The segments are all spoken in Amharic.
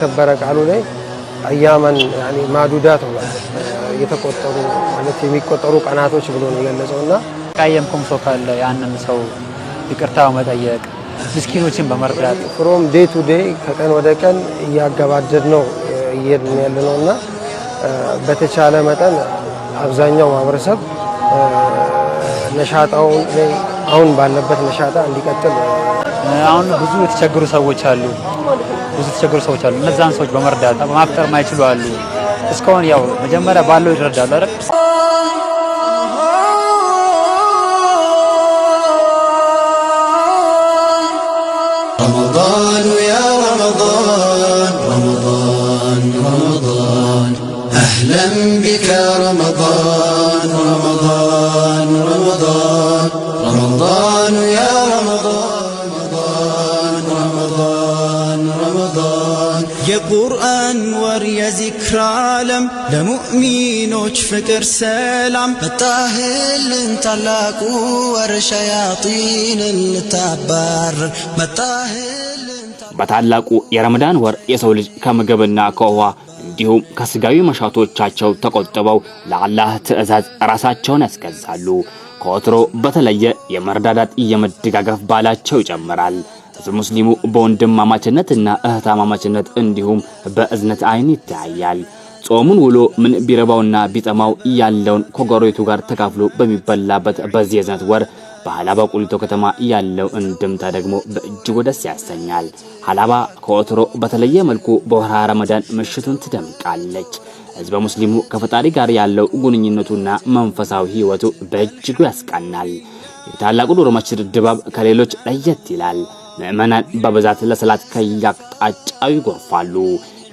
ከበረ ቃሉ ላይ አያመን ማዱዳት ማለት የተቆጠሩ ማለት የሚቆጠሩ ቀናቶች ብሎ ነው የገለጸው። እና የቀየምኩም ሰው ካለ ያንን ሰው ይቅርታው መጠየቅ፣ ምስኪኖችን በመርዳት ፍሮም ዴይ ቱ ዴይ ከቀን ወደ ቀን እያገባደድ ነው እየሄድን ያለ ነው እና በተቻለ መጠን አብዛኛው ማህበረሰብ ነሻጣው ላይ አሁን ባለበት ነሻጣ እንዲቀጥል አሁን ብዙ የተቸገሩ ሰዎች አሉ ብዙ የተቸገሩ ሰዎች አሉ። እነዛን ሰዎች በመርዳት በማፍጠር ማይችሉ አሉ። እስካሁን ያው መጀመሪያ ባለው ይረዳሉ አይደል? رمضان يا رمضان رمضان رمضان أهلا بك رمضان رمضان رمضان የቁርአን ወር የዚክር ዓለም ለሙእሚኖች ፍቅር ሰላም መጣህልን ታላቁ ወር ሸያጢንን ልታባርር መጣህልን። በታላቁ የረመዳን ወር የሰው ልጅ ከምግብና ከውሃ እንዲሁም ከስጋዊ መሻቶቻቸው ተቆጥበው ለአላህ ትእዛዝ ራሳቸውን ያስገዛሉ። ከወትሮ በተለየ የመረዳዳት የመደጋገፍ ባህላቸው ይጨምራል። ሙስሊሙ በወንድማማችነት እና እህታማማችነት እንዲሁም በእዝነት አይን ይተያያል። ጾሙን ውሎ ምን ቢረባውና ቢጠማው ያለውን ከጎረቤቱ ጋር ተካፍሎ በሚበላበት በዚህ የእዝነት ወር በሀላባ ቁሊቶ ከተማ ያለው እንድምታ ደግሞ በእጅጉ ደስ ያሰኛል። ሀላባ ከወትሮ በተለየ መልኩ በወርሃ ረመዳን ምሽቱን ትደምቃለች። ህዝበ ሙስሊሙ ከፈጣሪ ጋር ያለው ግንኙነቱና መንፈሳዊ ሕይወቱ በእጅጉ ያስቃናል። የታላቁ ዶሮ መስጂድ ድባብ ከሌሎች ለየት ይላል። ምዕመናን በብዛት ለሰላት ከያቅጣጫው ይጎርፋሉ።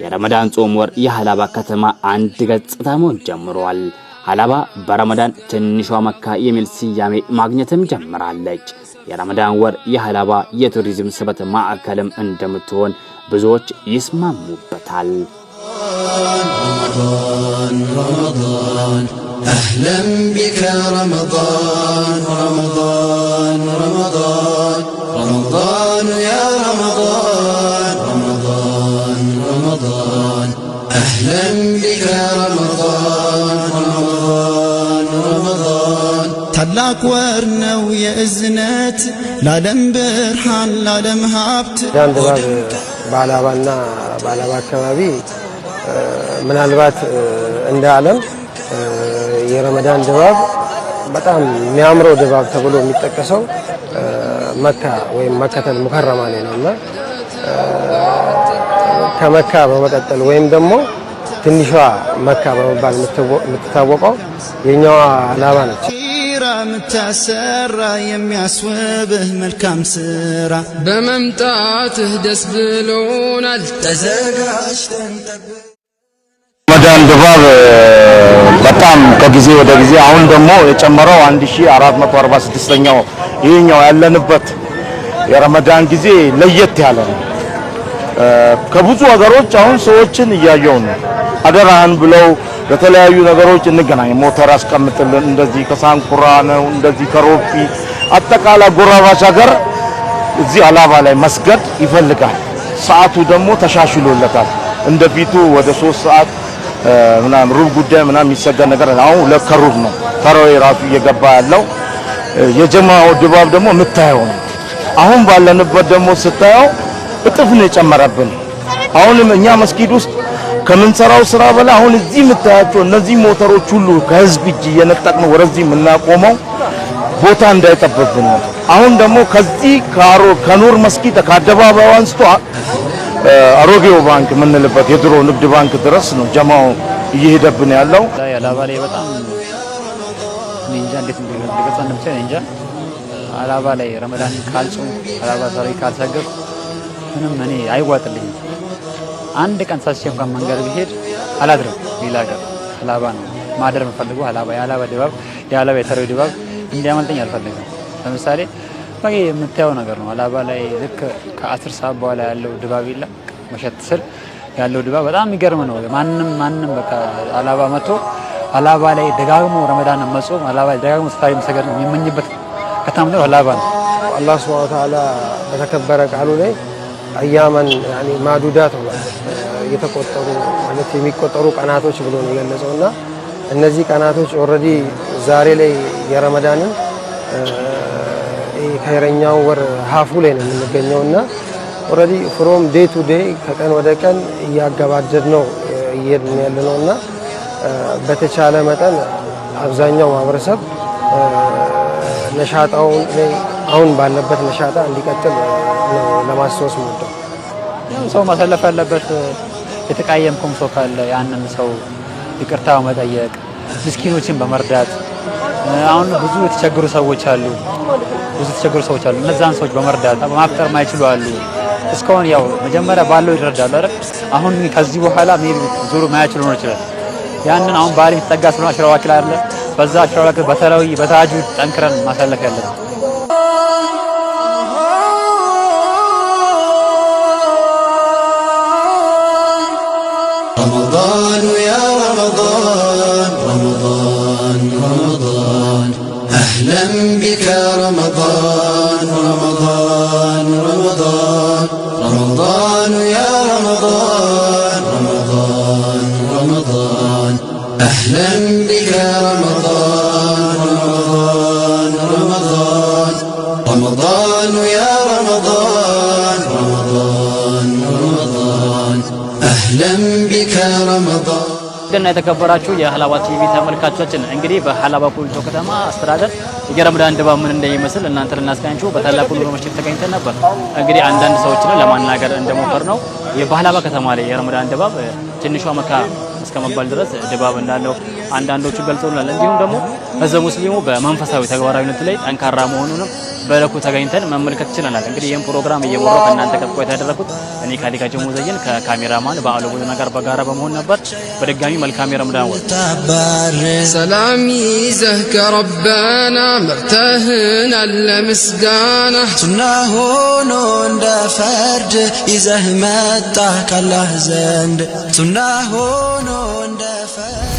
የረመዳን ጾም ወር የሀላባ ከተማ አንድ ገጽታ መሆን ጀምሯል። ሀላባ በረመዳን ትንሿ መካ የሚል ስያሜ ማግኘትም ጀምራለች። የረመዳን ወር የሀላባ የቱሪዝም ስበት ማዕከልም እንደምትሆን ብዙዎች ይስማሙበታል። አህለን ቢከ ረመዳን أهلا ታላቅ ወር ነው የእዝነት ለዓለም ብርሃን ለዓለም ሀብት ዳም ድባብ በአላባና በአላባ አካባቢ ምናልባት እንደ ዓለም የረመዳን ድባብ በጣም የሚያምረው ድባብ ተብሎ የሚጠቀሰው መካ ወይ መከተል ሙከረማ ላይ ነውና ከመካ በመቀጠል ወይም ደግሞ ትንሿ መካ በመባል የምትታወቀው የኛዋ ላባ ነች። ምታሰራ የሚያስውብህ መልካም ስራ በመምጣትህ ደስ ብሎናል። ተዘጋጅተን መዳን ድባብ በጣም ከጊዜ ወደ ጊዜ አሁን ደግሞ የጨመረው 1446ኛው ይህኛው ያለንበት የረመዳን ጊዜ ለየት ያለ ነው። ከብዙ ሀገሮች አሁን ሰዎችን እያየው ነው። አደራህን ብለው በተለያዩ ነገሮች እንገናኝ፣ ሞተር አስቀምጥልን፣ እንደዚህ ከሳንኩራ ነው፣ እንደዚህ ከሮቢ አጠቃላይ ጎራባች ሀገር እዚህ አላባ ላይ መስገድ ይፈልጋል። ሰዓቱ ደግሞ ተሻሽሎለታል። እንደፊቱ ወደ ሶስት ሰዓት ምናምን ሩብ ጉዳይ ምናምን የሚሰገድ ነገር አሁን ሁለት ከሩብ ነው። ተራው ራሱ እየገባ ያለው የጀማው ድባብ ደግሞ የምታየው ነው። አሁን ባለንበት ደግሞ ስታየው እጥፍ ነው የጨመረብን። አሁንም እኛ መስጊድ ውስጥ ከምንሰራው ስራ በላይ አሁን እዚህ የምታያቸው እነዚህ ሞተሮች ሁሉ ከህዝብ እጅ እየነጠቅን ወደዚህ የምናቆመው ቦታ እንዳይጠበብን ነው። አሁን ደግሞ ከዚህ ከኑር መስጊድ ከአደባባዩ አንስቶ አሮጌው ባንክ የምንልበት የድሮ ንግድ ባንክ ድረስ ነው ጀማው እየሄደብን ያለው። አላባ ላይ በጣም እንጃ እንዴት እንደምቻ እንጃ። ረመዳን ካልጾም አላባ ሰሪ ካልሰገብ ምንም እኔ አይዋጥልኝም። አንድ ቀን ሳስቼ እንኳን መንገድ ብሄድ አላድርም። ሌላ ጋር ሀላባ ነው ማደር የምፈልገው። ሀላባ የሀላባ ድባብ የሀላባ የተሪው ድባብ እንዲያመልጠኝ አልፈልግም። ለምሳሌ በቃ የምታየው ነገር ነው። ሀላባ ላይ ልክ ከአስር ሰዓት በኋላ ያለው ድባብ የለም። መሸት ስል ያለው ድባብ በጣም የሚገርም ነው። ማንም ማንም በቃ ሀላባ መጥቶ ሀላባ ላይ ደጋግሞ ረመዳን መጾም፣ ሀላባ ደጋግሞ ስታሪ መሰገድ የሚመኝበት ከተማ ሀላባ ነው። አላህ ስብሃነ ወተዓላ በተከበረ ቃሉ ላይ አያመን ማዱዳት ብሏል። የተቆጠሩ ማለት የሚቆጠሩ ቀናቶች ብሎ ነው የገለጸው እና እነዚህ ቀናቶች ኦልሬዲ ዛሬ ላይ የረመዳንን ከይረኛው ወር ሀፉ ላይ ነው የምንገኘው እና ኦልሬዲ ፍሮም ዴይ ቱ ዴይ ከቀን ወደ ቀን እያገባደድ ነው እየሄድን ያለ ነው እና በተቻለ መጠን አብዛኛው ማህበረሰብ ነሻጣውን አሁን ባለበት ነሻጣ እንዲቀጥል ለማስታወስ የምወደው። ሰው ማሳለፍ ያለበት የተቃየምኩም ሰው ካለ ያንን ሰው ይቅርታ መጠየቅ፣ ምስኪኖችን በመርዳት አሁን ብዙ የተቸገሩ ሰዎች አሉ። ብዙ የተቸገሩ ሰዎች አሉ። እነዛን ሰዎች በመርዳት በማፍጠር ማይችሉ አሉ። እስካሁን ያው መጀመሪያ ባለው ይረዳሉ አይደል? አሁን ከዚህ በኋላ ሜቢ ዙሩ ማያችሉ ሆኖ ይችላል። ያንን አሁን ባህል የሚጠጋ ስለሆነ አሽራዋኪል አለ። በዛ አሽራዋኪል በተለይ በታጁ ጠንክረን ማሳለፍ ያለብን رمضان رمضان رمضان أهلا بك رمضان رمضان رمضان رمضان يا رمضان رمضان رمضان أهلا بك رمضان رمضان رمضان رمضان يا رمضان رمضان رمضان أهلا بك رمضان ውድና የተከበራችሁ የሀላባ ቲቪ ተመልካቾችን እንግዲህ በሀላባ ቁሊቶ ከተማ አስተዳደር የረመዳን ድባብ ምን እንደሚመስል እናንተ ልናስቃኛችሁ በታላቁ ኑሮ መስጂድ ተገኝተን ነበር። እንግዲህ አንዳንድ ሰዎችን ለማናገር እንደሞከር ነው በሀላባ ከተማ ላይ የረመዳን ድባብ ትንሿ መካ እስከመባል ድረስ ድባብ እንዳለው አንዳንዶቹ ገልጾናል። እንዲሁም ደግሞ ህዝበ ሙስሊሙ በመንፈሳዊ ተግባራዊነት ላይ ጠንካራ መሆኑንም በለኩ ተገኝተን መመልከት ችለናል። እንግዲህ ይህም ፕሮግራም እየመራው ከእናንተ ጋር ቆይታ ያደረኩት እኔ ካሊካ ጀሙዘይን ከካሜራማን በአሎ ጎዝና ጋር በጋራ በመሆን ነበር። በድጋሚ መልካም የረምዳን ወር ሰላም ይዘህ ከረበና መብተህናል ለምስጋና ትና ሆኖ እንደ ፈርድ ይዘህ መጣ ካላህ ዘንድ ሱና ሆኖ እንደ ፈርድ